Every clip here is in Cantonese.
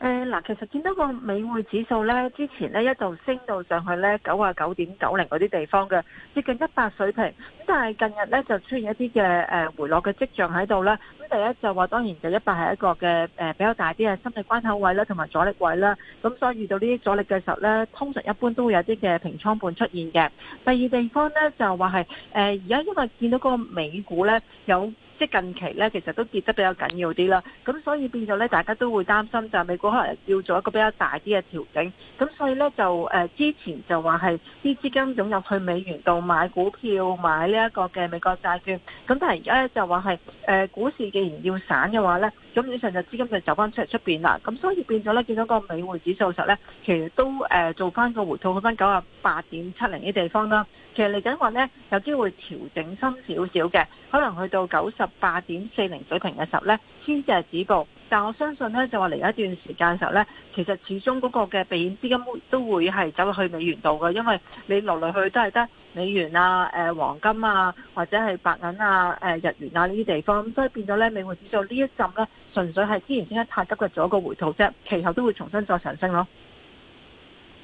誒，嗱，其實見到個美匯指數咧，之前咧一度升到上去咧九啊九點九零嗰啲地方嘅接近一百水平，咁但係近日咧就出現一啲嘅誒回落嘅跡象喺度啦。咁第一就話當然就一百係一個嘅誒比較大啲嘅心理關口位啦，同埋阻力位啦，咁所以遇到呢啲阻力嘅時候咧，通常一般都會有啲嘅平倉盤出現嘅。第二地方咧就話係誒而家因為見到嗰個美股咧有。即近期咧，其實都跌得比較緊要啲啦，咁所以變咗咧，大家都會擔心就係美國可能要做一個比較大啲嘅調整，咁所以咧就誒、呃、之前就話係啲資金湧入去美元度買股票、買呢一個嘅美國債券，咁但係而家咧就話係誒股市既然要散嘅話咧，咁以上就資金就走翻出嚟出面啦，咁所以變咗咧見到個美匯指數實咧，其實都誒做翻個回吐去翻九十八點七零嘅地方啦，其實嚟緊話咧有機會調整深少少嘅，可能去到九十。十八點四零水平嘅時候咧，先至係止步。但我相信咧，就話嚟一段時間嘅時候咧，其實始終嗰個嘅避險資金都會係走去美元度嘅，因為你落嚟去都係得美元啊、誒黃金啊或者係白銀啊、誒日元啊呢啲地方，咁所以變咗咧，美元指數呢一浸咧，純粹係之前先得太急嘅咗一個回吐啫，其後都會重新再上升咯。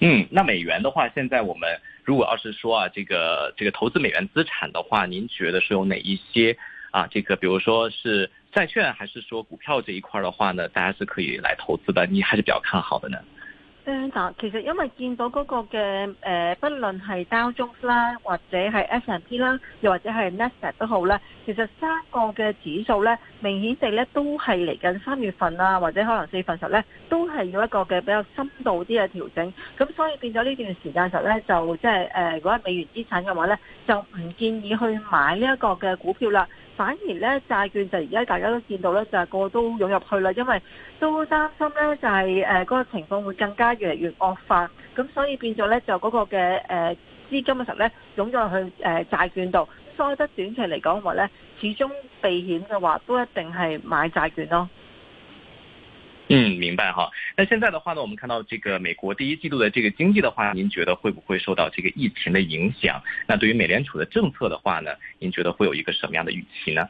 嗯，那美元的話，現在我們如果要是說啊，這個這個投資美元資產的話，您覺得是有哪一些？啊，這個，比如說是債券還是說股票這一塊的話呢，大家是可以來投資的。你還是比較看好的呢？嗯、其實因為見到嗰個嘅，誒、呃，不論係 Dow Jones 啦，或者係 S&P 啦，又或者係 Nasdaq 都好啦，其實三個嘅指數咧，明顯地咧都係嚟緊三月份啊，或者可能四月份時候咧，都係有一個嘅比較深度啲嘅調整。咁所以變咗呢段時間時候咧，就即係誒，如果係美元資產嘅話咧，就唔建議去買呢一個嘅股票啦。反而呢，債券就而家大家都見到呢，就係個個都湧入去啦，因為都擔心呢，就係誒嗰個情況會更加越嚟越惡化，咁所以變咗呢，就嗰個嘅誒、呃、資金嘅時候呢，湧入去誒、呃、債券度，所以得短期嚟講話呢，始終避險嘅話都一定係買債券咯。嗯，明白哈。那現在的話呢，我們看到這個美國第一季度的這個經濟的話，您覺得會不會受到這個疫情的影響？那對於美聯儲的政策的話呢，您覺得會有一個什麼樣的預期呢？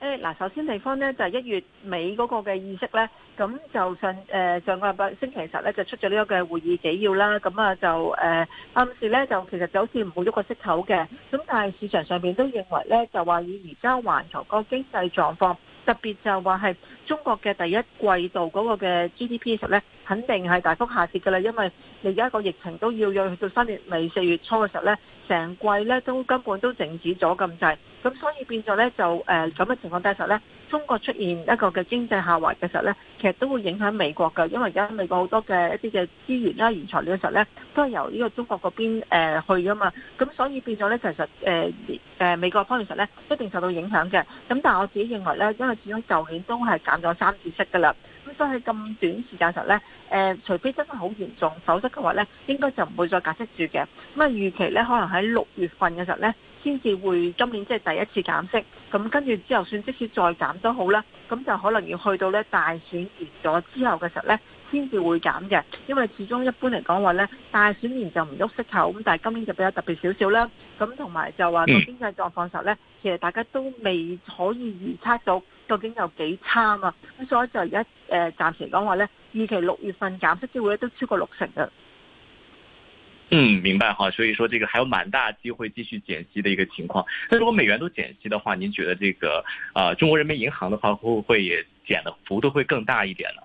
誒，嗱，首先地方呢就係一月尾嗰個嘅意識咧，咁就上誒、呃、上個禮拜星期十咧就出咗呢個嘅會議紀要啦，咁啊就誒、呃、暗示咧就其實就好似唔會喐個息口嘅，咁但係市場上邊都認為咧就話以而家環球個經濟狀況。特別就話係中國嘅第一季度嗰個嘅 GDP 嘅時候咧，肯定係大幅下跌㗎喇，因為你而家個疫情都要去到三月尾、四月初嘅時候咧，成季咧都根本都靜止咗咁滯。咁所以變咗咧就誒咁嘅情況底下咧，中國出現一個嘅經濟下滑嘅時候咧，其實都會影響美國㗎，因為而家美國好多嘅一啲嘅資源啦、原材料嘅時候咧，都係由呢個中國嗰邊、呃、去噶嘛。咁所以變咗咧，其實誒、呃、美國方面實咧一定受到影響嘅。咁但係我自己認為咧，因為始終舊年都係減咗三次息噶啦。咁所以咁短時間時時候咧、呃，除非真係好嚴重，否則嘅話咧，應該就唔會再減息住嘅。咁啊預期咧，可能喺六月份嘅時候咧。先至會今年即係第一次減息，咁跟住之後，算即使再減都好啦，咁就可能要去到咧大選完咗之後嘅時候咧，先至會減嘅，因為始終一般嚟講話咧，大選年就唔喐息口，咁但係今年就比較特別少少啦，咁同埋就話個經濟狀況時候咧，其實大家都未可以預測到究竟有幾差啊，咁所以就而家誒暫時嚟講話咧，預期六月份減息機會咧都超過六成啊。嗯，明白哈，所以說這個還有蠻大機會繼續減息的一個情況。但如果美元都減息的話，您覺得這個，啊、呃、中國人民銀行的話會不會也減的幅度會更大一點呢？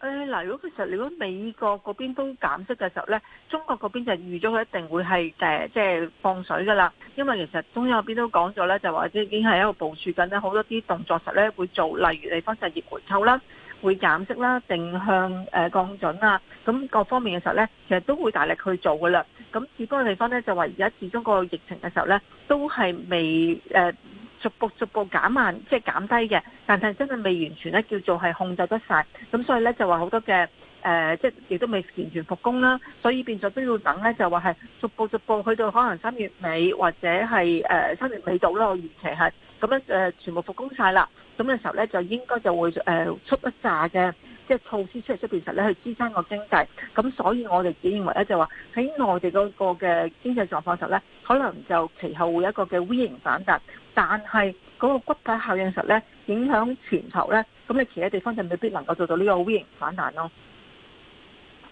誒嗱、呃呃，如果其實如果美國嗰邊都減息嘅時候咧，中國嗰邊就預咗佢一定會係誒、呃、即係放水噶啦，因為其實中央嗰邊都講咗咧，就話即係已經係一個部署緊咧，好多啲動作實咧會做，例如你分就逆回購啦，會減息啦，定向誒、呃、降準啦、啊咁各方面嘅時候咧，其實都會大力去做嘅啦。咁至多嘅地方咧，就話而家始終個疫情嘅時候咧，都係未誒、呃、逐步逐步減慢，即、就、係、是、減低嘅，但係真係未完全咧叫做係控制得晒。咁所以咧就話好多嘅。誒、呃，即係亦都未完全復工啦，所以變咗都要等咧，就話係逐步逐步去到可能三月尾或者係誒三月尾度啦。我預期，係咁樣全部復工曬啦，咁嘅時候咧，就應該就會誒、呃、出一炸嘅即係措施出嚟，出邊實咧去支撐個經濟。咁所以我哋只認為咧，就話喺內地嗰個嘅經濟狀況實咧，可能就其後會有一個嘅 V 型反彈，但係嗰個骨牌效應實咧影響全球咧，咁你其他地方就未必能夠做到呢個 V 型反彈咯。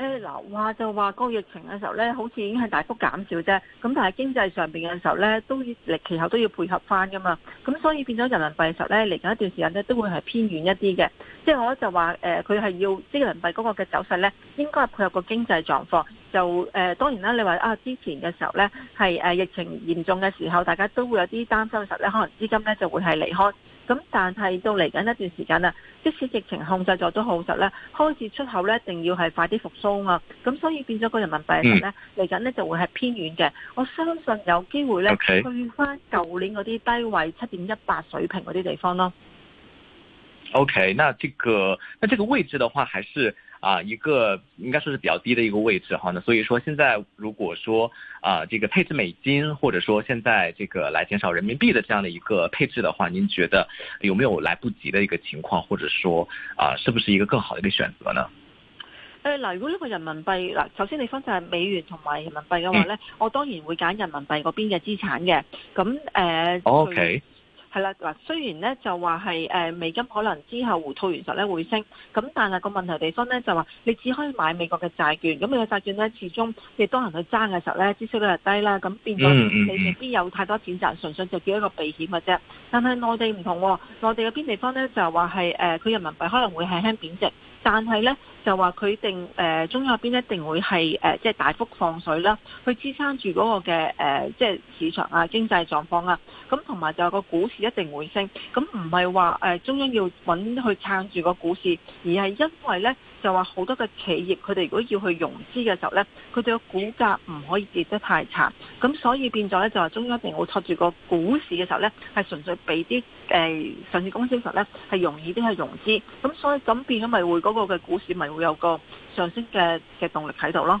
誒嗱話就話個疫情嘅時候咧，好似已經係大幅減少啫。咁但係經濟上面嘅時候咧，都要其後都要配合返㗎嘛。咁所以變咗人民幣嘅時候咧，嚟緊一段時間咧，都會係偏軟一啲嘅。即係我就話誒，佢、呃、係要、即、人民幣嗰個嘅走勢咧，應該配合個經濟狀況。就誒、呃、當然啦，你話啊之前嘅時候咧，係、啊、疫情嚴重嘅時候，大家都會有啲擔心，實咧可能資金咧就會係離開。咁但係到嚟緊一段時間啦，即使疫情控制咗都好實咧，開始出口咧，一定要係快啲復甦啊嘛！咁所以變咗個人民幣咧，嚟緊咧就會係偏軟嘅。我相信有機會咧去翻舊年嗰啲低位七點一八水平嗰啲地方咯。OK，那這個那這個位置的話，還是啊一個應該說是比較低的一個位置哈呢。那所以說現在如果說啊、呃、這個配置美金，或者說現在這個來減少人民幣的這樣的一個配置的話，您覺得有沒有來不及的一個情況，或者說啊、呃、是不是一個更好的一個選擇呢？呃、呃如果一個人民幣，首先你分析係美元同埋人民幣嘅話呢，嗯、我當然會揀人民幣嗰邊嘅資產嘅。咁呃 OK。係啦，嗱雖然咧就話係誒美金可能之後回吐完實咧會升，咁但係個問題地方咧就話你只可以買美國嘅債券，咁美國債券咧始終亦都係去爭嘅時候咧，孳息率就低啦，咁變咗你未必有太多錢賺，純粹就叫一個避險嘅啫。但係內地唔同，內地嗰邊地方咧就話係誒佢人民幣可能會輕輕貶值。但係咧，就話佢定誒、呃、中央入邊一定會係誒，即、呃、係、就是、大幅放水啦，去支撐住嗰個嘅誒，即、呃、係、就是、市場啊、經濟狀況啊，咁同埋就係個股市一定會升，咁唔係話誒中央要揾去撐住個股市，而係因為咧。就話好多嘅企業，佢哋如果要去融資嘅時候呢，佢哋個股價唔可以跌得太慘，咁所以變咗呢，就話中央一定會托住個股市嘅時候呢，係純粹俾啲誒上市公司嘅時候呢，係容易啲去融資，咁所以咁變咗咪會嗰個嘅股市咪會有個上升嘅嘅動力喺度咯。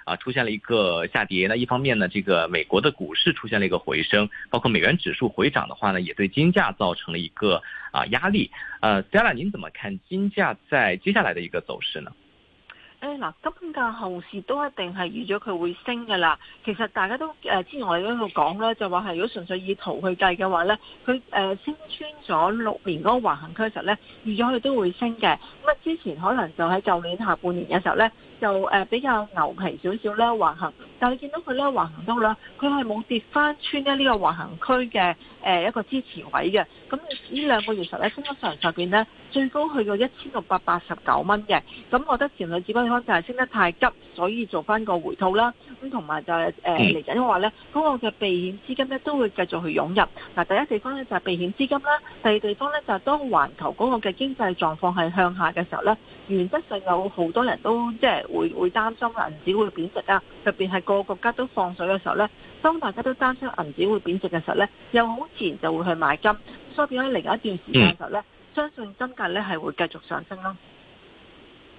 啊，出現了一個下跌。那一方面呢，這個美國的股市出現了一個回升，包括美元指數回漲的話呢，也對金價造成了一個啊壓力。呃，Stella，您怎麼看金價在接下來的一個走勢呢？誒、哎，嗱，金價後市都一定係預咗佢會升噶啦。其實大家都誒、呃、之前我哋嗰度講咧，就話係如果純粹以圖去計嘅話咧，佢誒、呃、升穿咗六年嗰個橫行區嘅時候咧，預咗佢都會升嘅。咁啊，之前可能就喺舊年下半年嘅時候咧。就誒比較牛皮少少咧橫行，但你見到佢咧橫行都啦，佢係冇跌翻穿咧呢個橫行區嘅誒一個支持位嘅。咁呢兩個月實咧，升得上上邊咧最高去到一千六百八十九蚊嘅。咁我覺得前兩日嗰啲可能係升得太急，所以做翻個回吐啦。咁同埋就係嚟緊話咧，嗰、那個嘅避險資金咧都會繼續去湧入。嗱，第一地方咧就係、是、避險資金啦，第二地方咧就係、是、當環球嗰個嘅經濟狀況係向下嘅時候咧，原則上有好多人都即係。會會擔心銀紙會貶值啊！特別係個個國家都放水嘅時候咧，當大家都擔心銀紙會貶值嘅時候咧，又好自然就會去買金。所以變咗另一段時間嘅時候咧，嗯、相信金價咧係會繼續上升咯。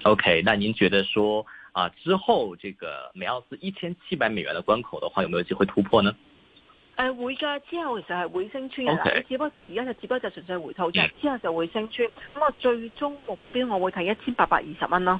OK，那您覺得說啊，之後這個每盎司一千七百美元嘅關口的話，有沒有機會突破呢？誒、呃，會噶，之後其實係會升穿嘅，Okay 只不過而家就只不過就純粹回吐啫，嗯、之後就會升穿。咁我最終目標我會睇一千八百二十蚊咯。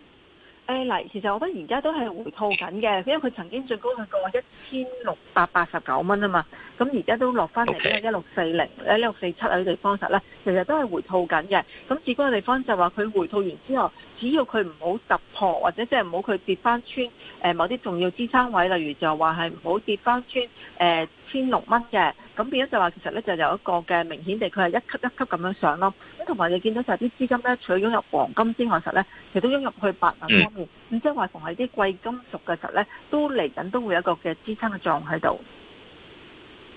一零，其實我覺得而家都係回吐緊嘅，因為佢曾經最高去過一千六百八十九蚊啊嘛，咁而家都落翻嚟咧一六四零、一六四七嗰啲地方實咧，其實都係回吐緊嘅。咁至關嘅地方就係話佢回吐完之後，只要佢唔好突破，或者即係唔好佢跌翻穿誒、呃、某啲重要支撐位，例如就話係唔好跌翻穿誒千六蚊嘅。呃 1, 咁變咗就話其實咧，就有一個嘅明顯地，佢係一級一級咁樣上咯。咁同埋你見到就係啲資金咧，除咗擁入黃金之外實呢，實咧其實都擁入去白銀方面。咁、嗯、即係話，逢係啲貴金屬嘅時候咧，都嚟緊都會有一個嘅支撐嘅作用喺度。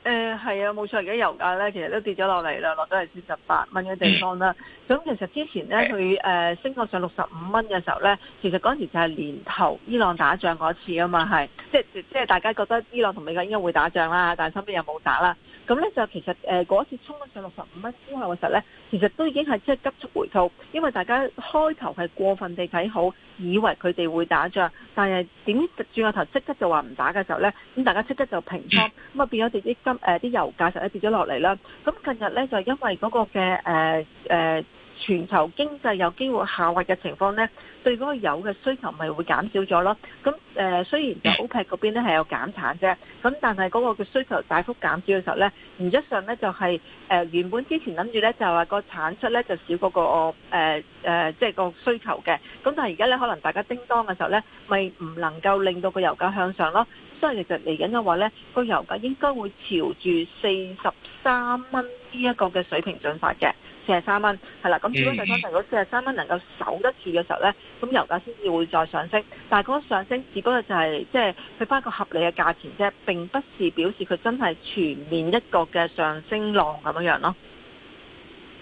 誒，係、呃、啊，冇錯，而家油價咧其實都跌咗落嚟啦，落咗係四十八蚊嘅地方啦。咁、嗯、其實之前咧佢誒升過上六十五蚊嘅時候咧，其實嗰時就係年頭伊朗打仗嗰次啊嘛，係即係即係大家覺得伊朗同美國應該會打仗啦，但係身邊又冇打啦。咁咧就其實誒嗰、呃、次衝咗上六十五蚊之後嘅時候咧，其實都已經係即係急速回吐，因為大家開頭係過分地睇好，以為佢哋會打仗，但係點轉個頭即刻就話唔打嘅時候咧，咁大家即刻就平倉，咁啊變咗啲資金誒啲、呃、油價就一直跌咗落嚟啦。咁近日咧就因為嗰個嘅誒誒、呃呃全球經濟有機會下滑嘅情況呢，對嗰個油嘅需求咪會減少咗咯。咁、呃、誒雖然就 OPEC 嗰邊呢係有減產啫，咁但係嗰個嘅需求大幅減少嘅時候呢，原則上呢就係、是、誒、呃、原本之前諗住呢，就話個產出呢就少過、那個誒即係個需求嘅。咁但係而家呢，可能大家叮當嘅時候呢，咪唔能夠令到個油價向上咯。所以其實嚟緊嘅話呢，個油價應該會朝住四十三蚊呢一個嘅水平進發嘅。四十三蚊，係啦，咁如果四十三蚊能夠守得住嘅時候呢，咁油價先至會再上升。但係嗰上升，只不過就係即係去翻個合理嘅價錢啫，並不是表示佢真係全面一個嘅上升浪咁樣樣咯。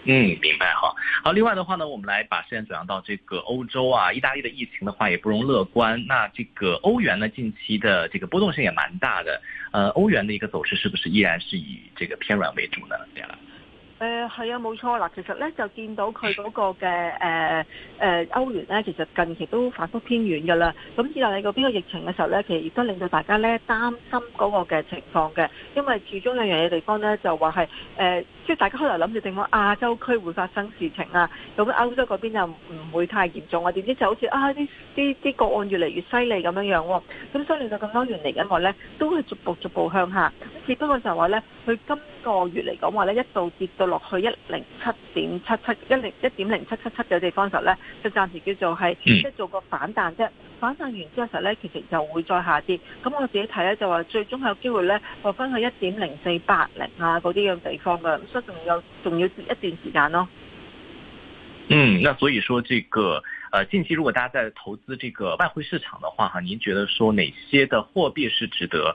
嗯，明白呵。好，另外的話呢，我們來把視線轉向到這個歐洲啊，意大利嘅疫情的話也不容樂觀。那這個歐元呢，近期的這個波動性也蠻大嘅。呃，歐元的一個走勢是不是依然是以這個偏軟為主呢？嗯誒係、呃、啊，冇錯啦。其實咧就見到佢嗰個嘅誒誒歐元咧，其實近期都反覆偏軟嘅啦。咁意大利嗰邊個疫情嘅時候咧，其實亦都令到大家咧擔心嗰個嘅情況嘅，因為始終兩樣嘢地方咧就話係誒，即係大家開頭諗住定講亞洲區會發生事情啊，咁歐洲嗰邊又唔會太嚴重啊，點知就好似啊啲啲啲個案越嚟越犀利咁樣樣喎、哦。咁所以令到咁多月嚟緊話咧，都係逐步逐步向下，只不過就話咧，佢今個月嚟講話咧一度跌到落去一零七點七七一零一點零七七七嘅地方時呢，時候咧就暫時叫做係即係做個反彈啫。反彈完之後時呢，候咧其實又會再下跌。咁我自己睇咧就話，最終係有機會咧落翻去一點零四八零啊嗰啲嘅地方嘅。咁所以仲有仲要一段時間咯。嗯，那所以說，這個，呃，近期如果大家在投資這個外匯市場的話，哈，您覺得說哪些的貨幣是值得？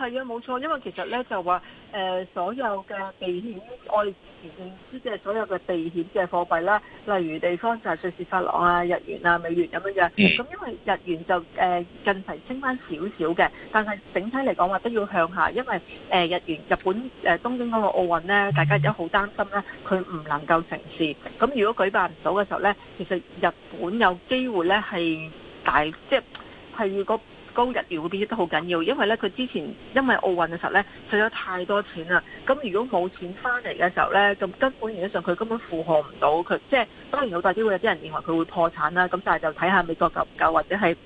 係啊，冇錯，因為其實咧就話誒、呃、所有嘅避險外匯投資，即係所有嘅避險嘅貨幣啦，例如地方就係瑞士法郎啊、日元啊、美元咁樣樣。咁、嗯、因為日元就誒、呃、近嚟升翻少少嘅，但係整體嚟講話都要向下，因為誒、呃、日元日本誒、呃、東京嗰個奧運咧，大家而家好擔心咧，佢唔能夠成事。咁如果舉辦唔到嘅時候咧，其實日本有機會咧係大，即係係如果。當日元嘅變息都好緊要，因為咧佢之前因為奧運嘅時候咧，使咗太多錢啦。咁如果冇錢翻嚟嘅時候咧，咁根本原因上佢根本負荷唔到佢。即係當然好大機會有啲人認為佢會破產啦。咁但係就睇下美國夠唔夠，或者係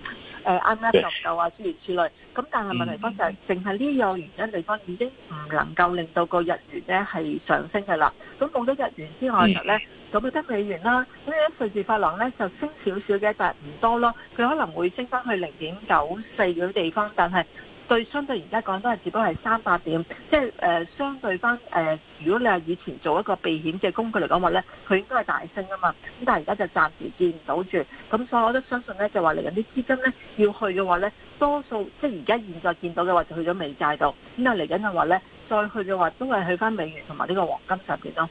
誒 IMF 夠唔夠啊諸如此類。咁但係問題方就係淨係呢樣原因地方已經唔能夠令到個日元咧係上升嘅啦。咁冇咗日元之外嘅時候咧。嗯咁就得美元啦，咁一瑞士法郎咧就升少少嘅，但係唔多咯。佢可能會升翻去零點九四嗰啲地方，但係對相對而家講都係只不過係三百點，即係誒相對翻誒、呃。如果你係以前做一個避險嘅工具嚟講話咧，佢應該係大升啊嘛。咁但係而家就暫時見唔到住，咁所以我都相信咧，就話嚟緊啲資金咧要去嘅話咧，多數即係而家現在見到嘅話就去咗美債度。咁啊嚟緊嘅話咧，再去嘅話都係去翻美元同埋呢個黃金上邊咯。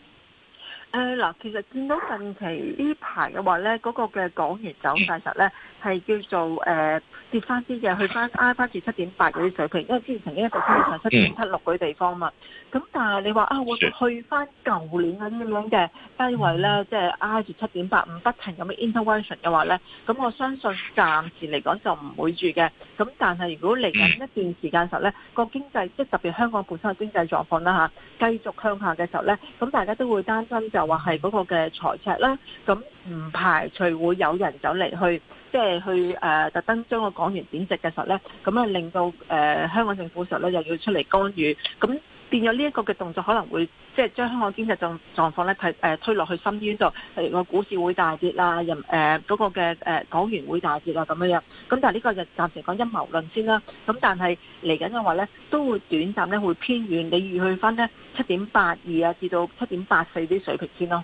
嗱、呃，其實見到近期近呢排嘅話咧，嗰、嗰個嘅港元走曬實咧，係叫做誒、呃、跌翻啲嘅，去翻挨翻至七點八嗰啲水平，因為之前曾經一度升到曬七點七六嗰啲地方嘛。咁但係你話啊，我去翻舊年嗰啲咁樣嘅低位咧，即係挨住七點八五，不停咁嘅 intervention 嘅話咧，咁我相信暫時嚟講就唔會住嘅。咁但係如果嚟緊一段時間時候咧，個經濟即係特別香港本身嘅經濟狀況啦嚇，繼續向下嘅時候咧，咁大家都會擔心就。又話係嗰個嘅財赤啦，咁唔排除會有人走嚟去，即係去誒、呃，特登將個港元貶值嘅時候咧，咁啊令到誒、呃、香港政府時候咧又要出嚟干預，咁。變咗呢一個嘅動作，可能會即係將香港經濟狀狀況咧、呃、推誒推落去深淵就例如個股市會大跌啊，任誒嗰個嘅誒、呃、港元會大跌啊咁樣樣。咁但係呢個就暫時講陰謀論先啦。咁但係嚟緊嘅話咧，都會短暫咧會偏軟，你預去翻咧七點八二啊至到七點八四啲水平先咯。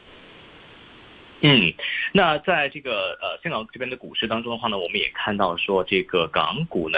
嗯，那在這個呃香港這邊嘅股市當中嘅話呢，我們也看到說這個港股呢。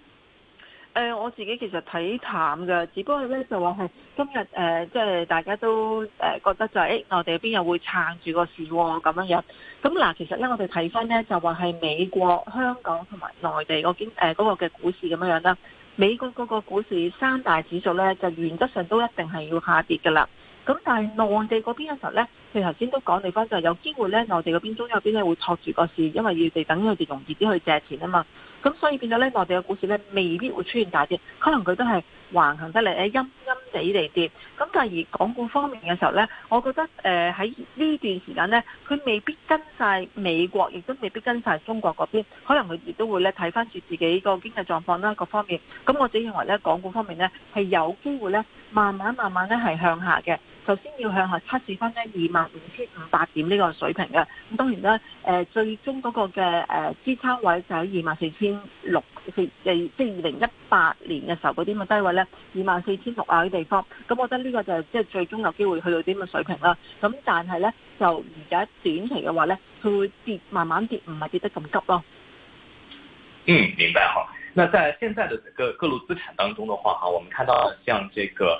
誒、呃，我自己其實睇淡嘅，只不過咧就話係今日，誒、呃，即、就、係、是、大家都誒覺得就係、是，誒、哎，內地嗰邊又會撐住個市喎、啊，咁樣樣。咁、嗯、嗱，其實咧我哋睇翻咧就話係美國、香港同埋內地、呃那個經誒嗰個嘅股市咁樣樣啦。美國嗰個股市三大指數咧，就原則上都一定係要下跌嘅啦。咁但係內地嗰邊嘅時候咧，佢頭先都講嚟翻就有機會咧，內地嗰邊中後邊咧會托住個市，因為要佢等佢哋容易啲去借錢啊嘛。咁所以變咗咧，內地嘅股市咧未必會出現大跌，可能佢都係橫行得嚟，誒陰陰地地跌。咁但係而港股方面嘅時候咧，我覺得誒喺呢段時間咧，佢未必跟晒美國，亦都未必跟晒中國嗰邊，可能佢亦都會咧睇翻住自己個經濟狀況啦，各方面。咁我自己認為咧，港股方面咧係有機會咧，慢慢慢慢咧係向下嘅。首先要向下測試翻呢二萬五千五百點呢個水平嘅，咁當然咧，誒、呃、最終嗰個嘅誒、呃、支撐位就喺二萬四千六四誒，即係二零一八年嘅時候嗰啲咁嘅低位咧，二萬四千六啊啲地方，咁我覺得呢個就係即係最終有機會去到啲咁嘅水平啦。咁但係咧，就而家短期嘅話咧，佢會跌，慢慢跌，唔係跌得咁急咯。嗯，明白好。那在現在嘅整個各路資產當中嘅話，哈，我們看到像這個。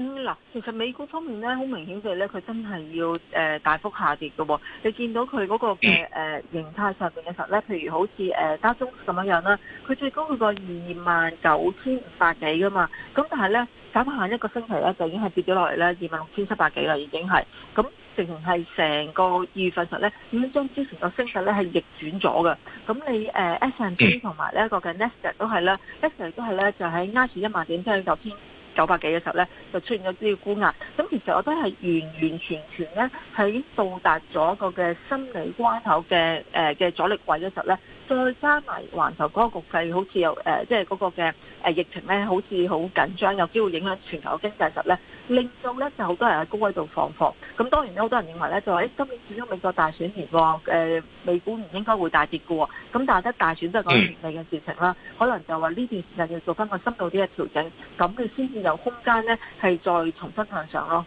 嗱、嗯，其實美國方面咧，好明顯嘅咧，佢真係要誒、呃、大幅下跌嘅、哦。你見到佢嗰個嘅誒、呃、形態上面嘅時候咧，譬如好似誒加中咁樣樣啦，佢最高去過二萬九千五百幾嘅嘛。咁但係咧，減下一個星期咧，就已經係跌咗落嚟咧，二萬六千七百幾啦，已經係。咁淨係成個二月份實咧，已經將之前個升勢咧係逆轉咗嘅。咁你誒、呃那個、S&P 同埋呢一個嘅 Nestle 都係咧，Nestle 都係咧就喺挨住一萬點之後就偏。九百幾嘅時候咧，就出現咗啲嘅沽壓，咁其實我都係完完全全咧係已經到達咗個嘅心理關口嘅誒嘅阻力位嘅時候咧。再加埋環球嗰個局勢，好似有即係嗰個嘅、呃、疫情咧，好似好緊張，有機會影響全球經濟實咧，令到咧就好多人喺高位度放貨。咁當然呢，好多人認為咧就話、欸：，今年始終美國大選年，誒、呃、美股唔應該會大跌㗎喎。咁但係得大選都係講年尾嘅事情啦，可能就話呢段時間要做翻個深度啲嘅調整，咁佢先至有空間咧係再重新向上咯。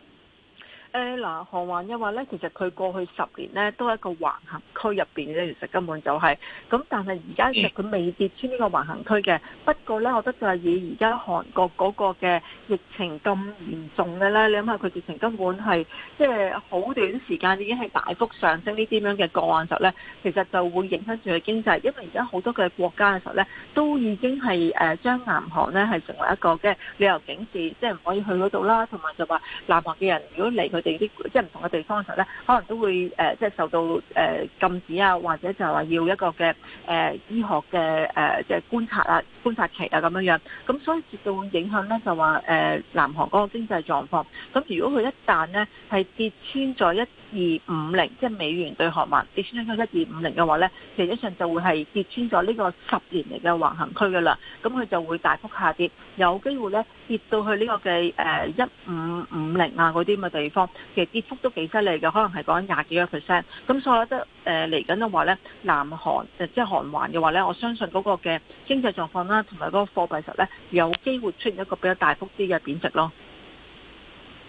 誒嗱、呃，韓圜因為咧，其實佢過去十年咧都係一個橫行區入邊嘅，其實根本就係、是、咁。但係而家其實佢未跌穿呢個橫行區嘅。不過咧，我覺得就係以而家韓國嗰個嘅疫情咁嚴重嘅咧，你諗下佢疫情根本係即係好短時間已經係大幅上升呢啲樣嘅個案時候呢，候咧其實就會影響住佢經濟。因為而家好多嘅國家嘅時候咧，都已經係誒將南韓咧係成為一個嘅旅遊警示，即係唔可以去嗰度啦。同埋就話南韓嘅人如果嚟佢地啲即係唔同嘅地方嘅時候咧，可能都會、呃、即係受到、呃、禁止啊，或者就係話要一個嘅、呃、醫學嘅即係、呃、觀察啊、觀察期啊咁樣，咁所以絕對會影響咧就話、呃、南韓嗰個經濟狀況。咁如果佢一旦咧係跌穿咗一二五零，即係美元對韓元跌穿咗一二五零嘅話咧，實際上就會係跌穿咗呢個十年嚟嘅橫行區噶啦，咁佢就會大幅下跌，有機會咧跌到去呢個嘅誒一五五零啊嗰啲咁嘅地方，其實跌幅都幾犀利嘅，可能係講廿幾個 percent。咁所以咧，誒嚟緊嘅話咧，南韓誒即係韓元嘅話咧，我相信嗰個嘅經濟狀況啦，同埋嗰個貨幣實咧，有機會出現一個比較大幅啲嘅貶值咯。